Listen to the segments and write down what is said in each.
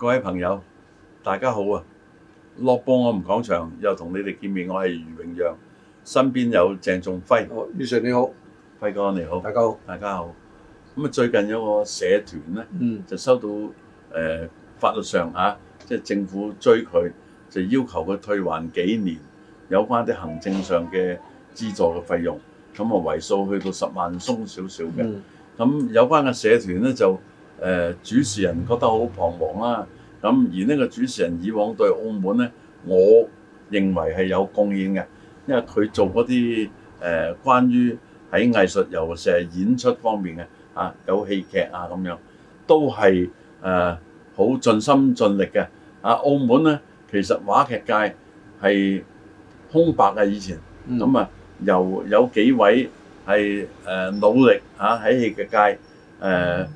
各位朋友，大家好啊！樂報我哋講場，又同你哋見面，我係余榮陽，身邊有鄭仲輝。余 Sir，你好，輝哥你好，大家好，大家好。咁啊，最近有個社團咧，就收到誒、呃、法律上嚇，即、啊、係、就是、政府追佢，就要求佢退還幾年有關啲行政上嘅資助嘅費用。咁啊，為數去到十萬鬆少少嘅。咁、嗯、有關嘅社團咧就。誒、呃、主持人覺得好彷徨啦，啊，咁而呢個主持人以往對澳門呢，我認為係有貢獻嘅，因為佢做嗰啲誒關於喺藝術尤其係演出方面嘅啊，有戲劇啊咁樣，都係誒好盡心盡力嘅。啊，澳門呢，其實話劇界係空白嘅以前，咁、嗯、啊、嗯嗯，由有幾位係誒、呃、努力嚇喺、啊、戲劇界誒。呃嗯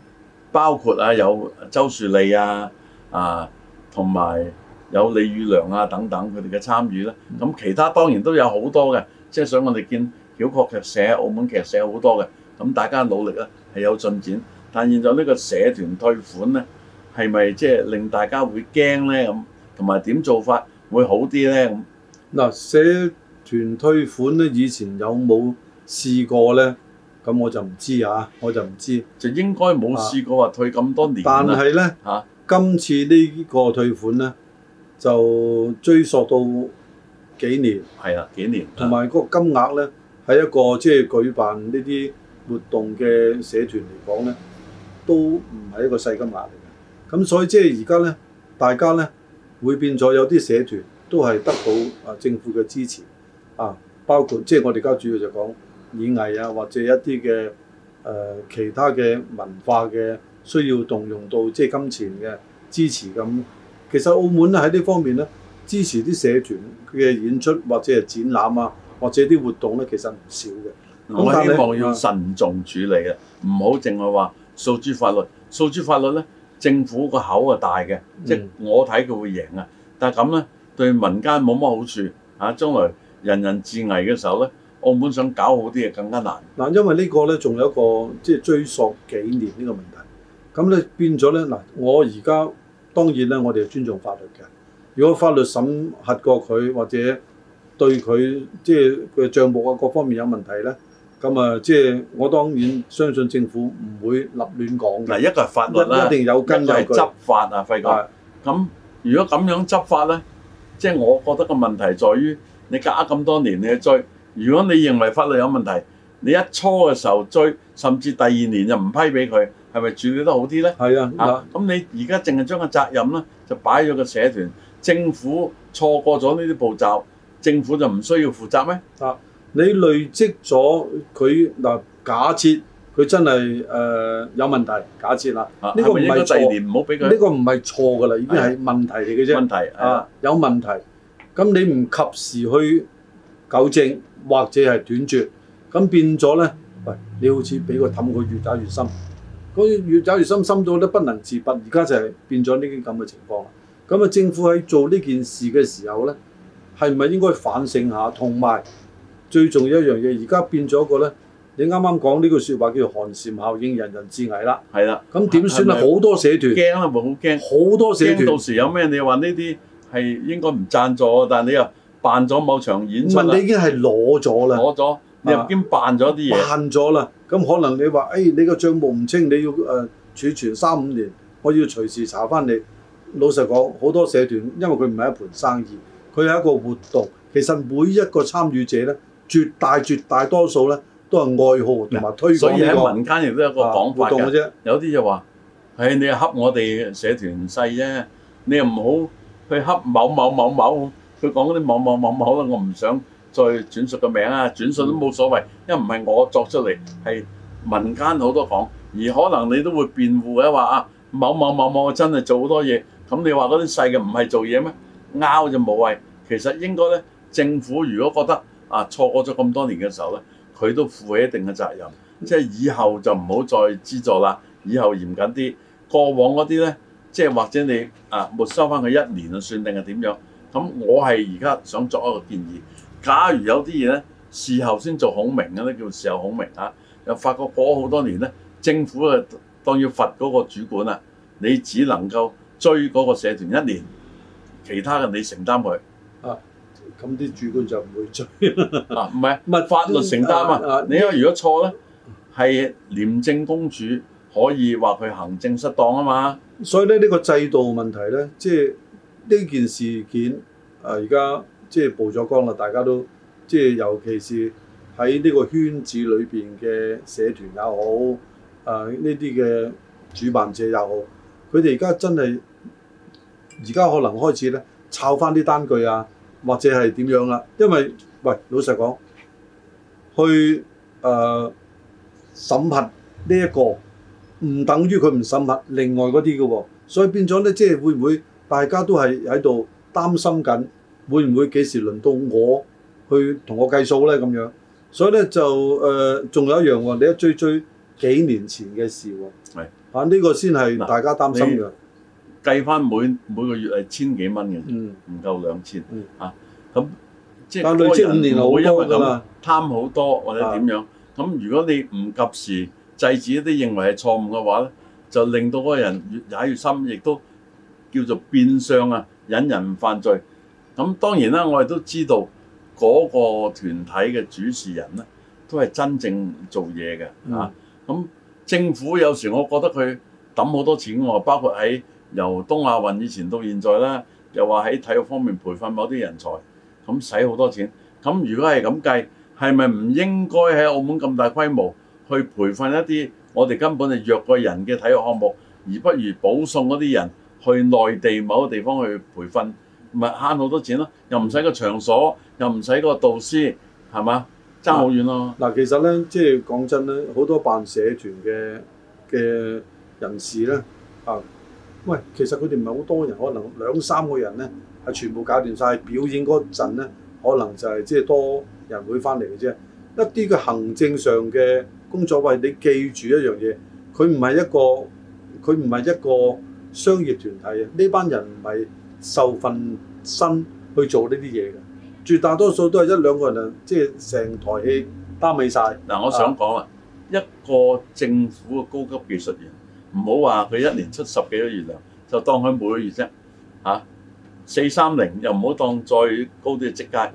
包括啊有周樹利啊啊，同埋有李宇良啊等等，佢哋嘅參與咧，咁其他當然都有好多嘅，即係所以我哋見曉角劇社、澳門劇社好多嘅，咁大家努力咧係有進展，但係現在呢個社團退款咧係咪即係令大家會驚咧咁，同埋點做法會好啲咧咁？嗱，社團退款咧，以前有冇試過咧？咁我就唔知啊，我就唔知，就應該冇試過話退咁多年、啊。但係呢、啊，今次呢個退款呢，就追溯到幾年。係啊，幾年。同埋個個金額呢，喺、啊、一個即係舉辦呢啲活動嘅社團嚟講呢，都唔係一個細金額嚟嘅。咁所以即係而家呢，大家呢，會變咗有啲社團都係得到啊政府嘅支持啊，包括即係、就是、我哋而家主要就講。演藝啊，或者一啲嘅誒其他嘅文化嘅需要動用到即係金錢嘅支持。咁，其實澳門喺呢方面咧，支持啲社團嘅演出或者係展覽啊，或者啲活動呢，其實唔少嘅。我希望要慎重處理啦，唔好淨係話訴諸法律。訴諸法律呢，政府個口啊大嘅，即、嗯係、我睇佢會贏啊。但係咁咧，對民間冇乜好處嚇、啊。將來人人自危嘅時候呢。我本想搞好啲嘢更加難嗱，因為呢個呢，仲有一個即係追溯幾年呢個問題。咁你變咗呢，嗱，我而家當然呢，我哋係尊重法律嘅。如果法律審核過佢，或者對佢即係佢嘅帳目啊各方面有問題呢，咁啊即係我當然相信政府唔會立亂講嘅。嗱，一個係法律一定有根據執法啊，費解咁。咁如果咁樣執法呢，即係我覺得個問題在於你隔咁多年你去追，如果你認為法律有問題，你一初嘅時候追，甚至第二年就唔批俾佢，係咪處理得好啲呢？係啊，咁你而家淨係將個責任呢，就擺咗個社團，政府錯過咗呢啲步驟，政府就唔需要負責咩？你累積咗佢嗱，假設佢真係誒、呃、有問題，假設啦，呢、啊呢個唔係第二年唔好俾佢，呢個唔係錯㗎啦，已經係問題嚟嘅啫。問題啊，有問題，咁你唔及時去糾正。或者係斷絕，咁變咗咧，喂，你好似俾個氹佢越打越深，越打越深，深到，咧不能自拔，而家就係變咗呢啲咁嘅情況啦。咁啊，政府喺做呢件事嘅時候咧，係咪應該反省下？同埋最重要一樣嘢，而家變咗一個咧，你啱啱講呢句説話叫寒蟬效應，人人自危啦。係啦，咁點算咧？好多社團驚啊，係咪好驚？好多社團到時有咩？你話呢啲係應該唔贊助，但係你又辦咗某場演出你已經係攞咗啦，攞咗，你已經辦咗啲嘢，辦咗啦。咁可能你話誒、哎，你個帳目唔清，你要誒、呃、儲存三五年，我要隨時查翻你。老實講，好多社團因為佢唔係一盤生意，佢係一個活動。其實每一個參與者咧，絕大絕大多數咧，都係愛好同埋推廣、這個。所以喺民間亦都有一個講法、啊、活動嘅，啫。有啲就話：誒、哎，你恰我哋社團細啫，你又唔好去恰某某某某。佢講嗰啲某某某某，可能我唔想再轉述個名啊，轉述都冇所謂，因為唔係我作出嚟，係民間好多講，而可能你都會辯護嘅話啊，某某某某真係做好多嘢，咁你話嗰啲細嘅唔係做嘢咩？拗就冇謂，其實應該咧，政府如果覺得啊錯過咗咁多年嘅時候咧，佢都負起一定嘅責任，即係以後就唔好再資助啦，以後嚴謹啲，過往嗰啲咧，即係或者你啊沒收翻佢一年就算定係點樣？咁我係而家想作一個建議，假如有啲嘢咧，事後先做孔明嘅咧，叫做事後孔明嚇，又發覺過好多年咧，政府啊，當要罰嗰個主管啊，你只能夠追嗰個社團一年，其他嘅你承擔佢啊，咁啲主管就唔會追啊，唔係，唔 係法律承擔啊，啊，你話如果錯咧，係廉政公署可以話佢行政失當啊嘛，所以咧呢個制度問題咧，即係。呢件事件，誒而家即係曝咗光啦，大家都即係，尤其是喺呢個圈子裏邊嘅社團也好，誒呢啲嘅主辦者也好，佢哋而家真係而家可能開始咧，抄返啲單據啊，或者係點樣啦？因為喂，老實講，去誒審核呢一個唔等於佢唔審核另外嗰啲嘅喎，所以變咗咧，即係會唔會？大家都係喺度擔心緊，會唔會幾時輪到我去同我計數咧？咁樣，所以咧就誒，仲、呃、有一樣喎，你一追追幾年前嘅事喎，係啊，呢、呢個先係大家擔心嘅。計、啊、翻每每個月係千幾蚊嘅，唔、嗯、夠兩千、嗯、啊。咁即係但類似五年個人，我因為貪好多或者點樣咁，如果你唔及時制止啲認為係錯誤嘅話咧，就令到嗰個人越踩越，越深，亦都。叫做變相啊，引人犯罪。咁當然啦、啊，我哋都知道嗰、那個團體嘅主持人呢、啊，都係真正做嘢嘅嚇。咁、嗯、政府有時我覺得佢抌好多錢喎、啊，包括喺由東亞運以前到現在啦、啊，又話喺體育方面培訓某啲人才，咁使好多錢。咁如果係咁計，係咪唔應該喺澳門咁大規模去培訓一啲我哋根本就弱過人嘅體育項目，而不如保送嗰啲人？去內地某個地方去培訓，咪慳好多錢咯，又唔使個場所，又唔使個導師，係嘛？差好遠咯。嗱、嗯，其實咧，即係講真咧，好多辦社團嘅嘅人士咧，啊，喂，其實佢哋唔係好多人，可能兩三個人咧係全部搞掂晒。表演嗰陣咧，可能就係即係多人會翻嚟嘅啫。一啲嘅行政上嘅工作位，你記住一樣嘢，佢唔係一個，佢唔係一個。商業團體啊，呢班人唔係受份薪去做呢啲嘢嘅，絕大多數都係一兩個人啊，即係成台戲擔起曬。嗱，我想講啦，一個政府嘅高級技術員，唔好話佢一年出十幾個月糧，就當佢每個月啫嚇。四三零又唔好當再高啲職階，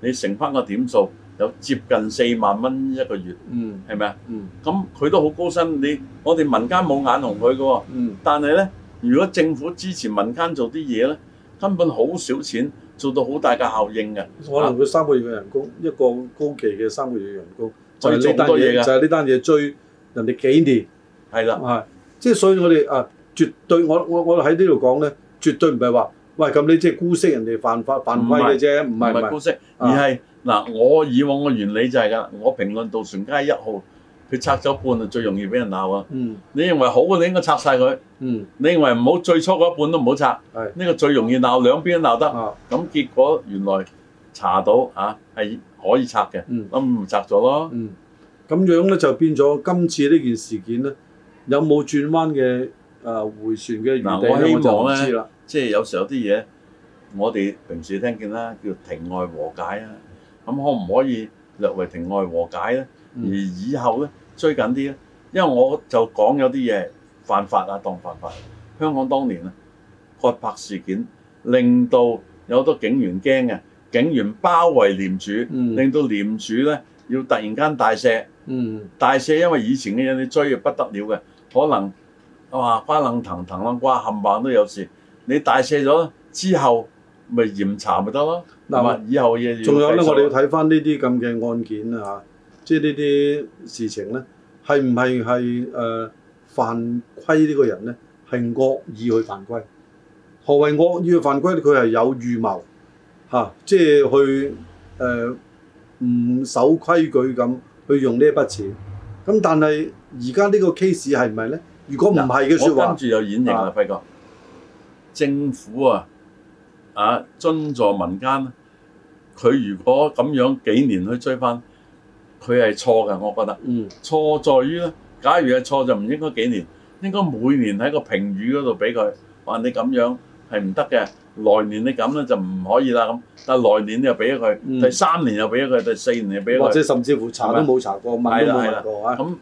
你乘翻個點數，有接近四萬蚊一個月，嗯，係咪啊？嗯，咁佢都好高薪，你我哋民間冇眼紅佢㗎喎，嗯，但係咧。如果政府支持民間做啲嘢咧，根本好少錢做到好大嘅效應嘅。可能佢三個月嘅人工、啊，一個高期嘅三個月嘅人工，做就做多嘢就係呢單嘢追人哋幾年，係啦，係即係所以我哋啊，絕對我我我喺呢度講咧，絕對唔係話，喂咁你即係姑息人哋犯法犯規嘅啫，唔係唔係姑息，啊、而係嗱、啊、我以往嘅原理就係啦，我評論到船街一號。佢拆咗半啊，最容易俾人鬧啊、嗯！你認為好，你應該拆晒佢、嗯。你認為唔好，最初嗰一半都唔好拆。呢、呢個最容易鬧，兩邊都鬧得咁、啊、結果原來查到嚇係、啊、可以拆嘅，咁、嗯、唔拆咗咯。咁、嗯、樣咧就變咗今次呢件事件咧，有冇轉彎嘅誒回旋嘅餘地？我希望咧，即係有時候有啲嘢，我哋平時聽見啦，叫庭外和解啊。咁可唔可以略為庭外和解咧？嗯、而以後咧追緊啲咧，因為我就講有啲嘢犯法啦、啊，當犯法。香港當年啊，葛柏事件令到有好多警員驚嘅，警員包圍廉署、嗯，令到廉署咧要突然間大赦、嗯。大赦因為以前嘅嘢你追啊不得了嘅，可能啊瓜冷藤藤冷瓜冚唪都有事。你大赦咗之後，咪嚴查咪得咯？嗱，以後嘢仲有咧，我哋要睇翻呢啲咁嘅案件啊。即係呢啲事情咧，係唔係係誒犯規呢個人咧？係惡意去犯規，何為惡意去犯規咧？佢係有預謀嚇、啊，即係去誒唔、呃、守規矩咁去用呢一筆錢。咁但係而家呢個 case 係唔係咧？如果唔係嘅説話，啊、跟住又演繹啦，費、啊、哥、啊啊、政府啊，啊，尊助民間，佢如果咁樣幾年去追翻。佢係錯嘅，我覺得。嗯。錯在於咧，假如係錯就唔應該幾年，應該每年喺個評語嗰度俾佢話你咁樣係唔得嘅，來年你咁咧就唔可以啦咁。但係來年又俾咗佢，第三年又俾咗佢，第四年又俾咗佢，或者甚至乎查，查都冇查過，問都冇問過，係啦，係啦，咁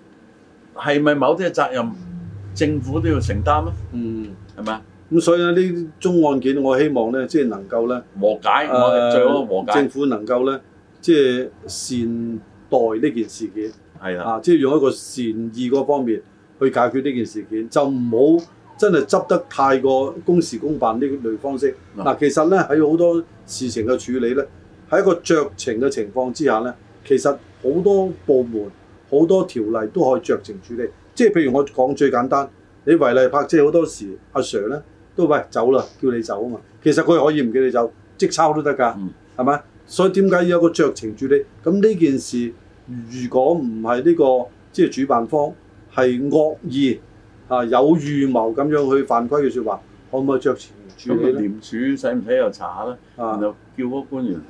係咪某啲嘅責任政府都要承擔咧？嗯，係咪啊？咁所以呢啲宗案件，我希望咧即係能夠咧和解、呃，我最好和解。政府能夠咧即係善待呢件事件係啊，即係用一個善意嗰方面去解決呢件事件，就唔好真係執得太過公事公辦呢類方式。嗱、啊啊，其實呢，喺好多事情嘅處理呢，喺一個酌情嘅情況之下呢，其實好多部門好多條例都可以酌情處理。即係譬如我講最簡單，你違例泊車好多時，阿、啊、Sir 咧都喂走啦，叫你走啊嘛。其實佢可以唔叫你走，即抄都得㗎，係、嗯、咪？所以點解要有一個酌情處理？咁呢件事。如果唔係呢個即係主辦方係惡意嚇、啊、有預謀咁樣去犯規嘅説話，可唔可以着住？廉署廉署，使唔使又查下？然後叫嗰個官員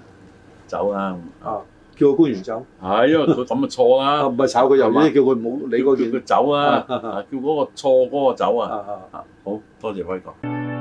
走啦、啊。啊，叫個官員走。係、啊、因為佢咁就錯 啊，唔係炒佢又咩？叫佢唔好理嗰，叫佢走啊！啊啊啊叫嗰個錯嗰個走啊！啊好多謝威哥。可以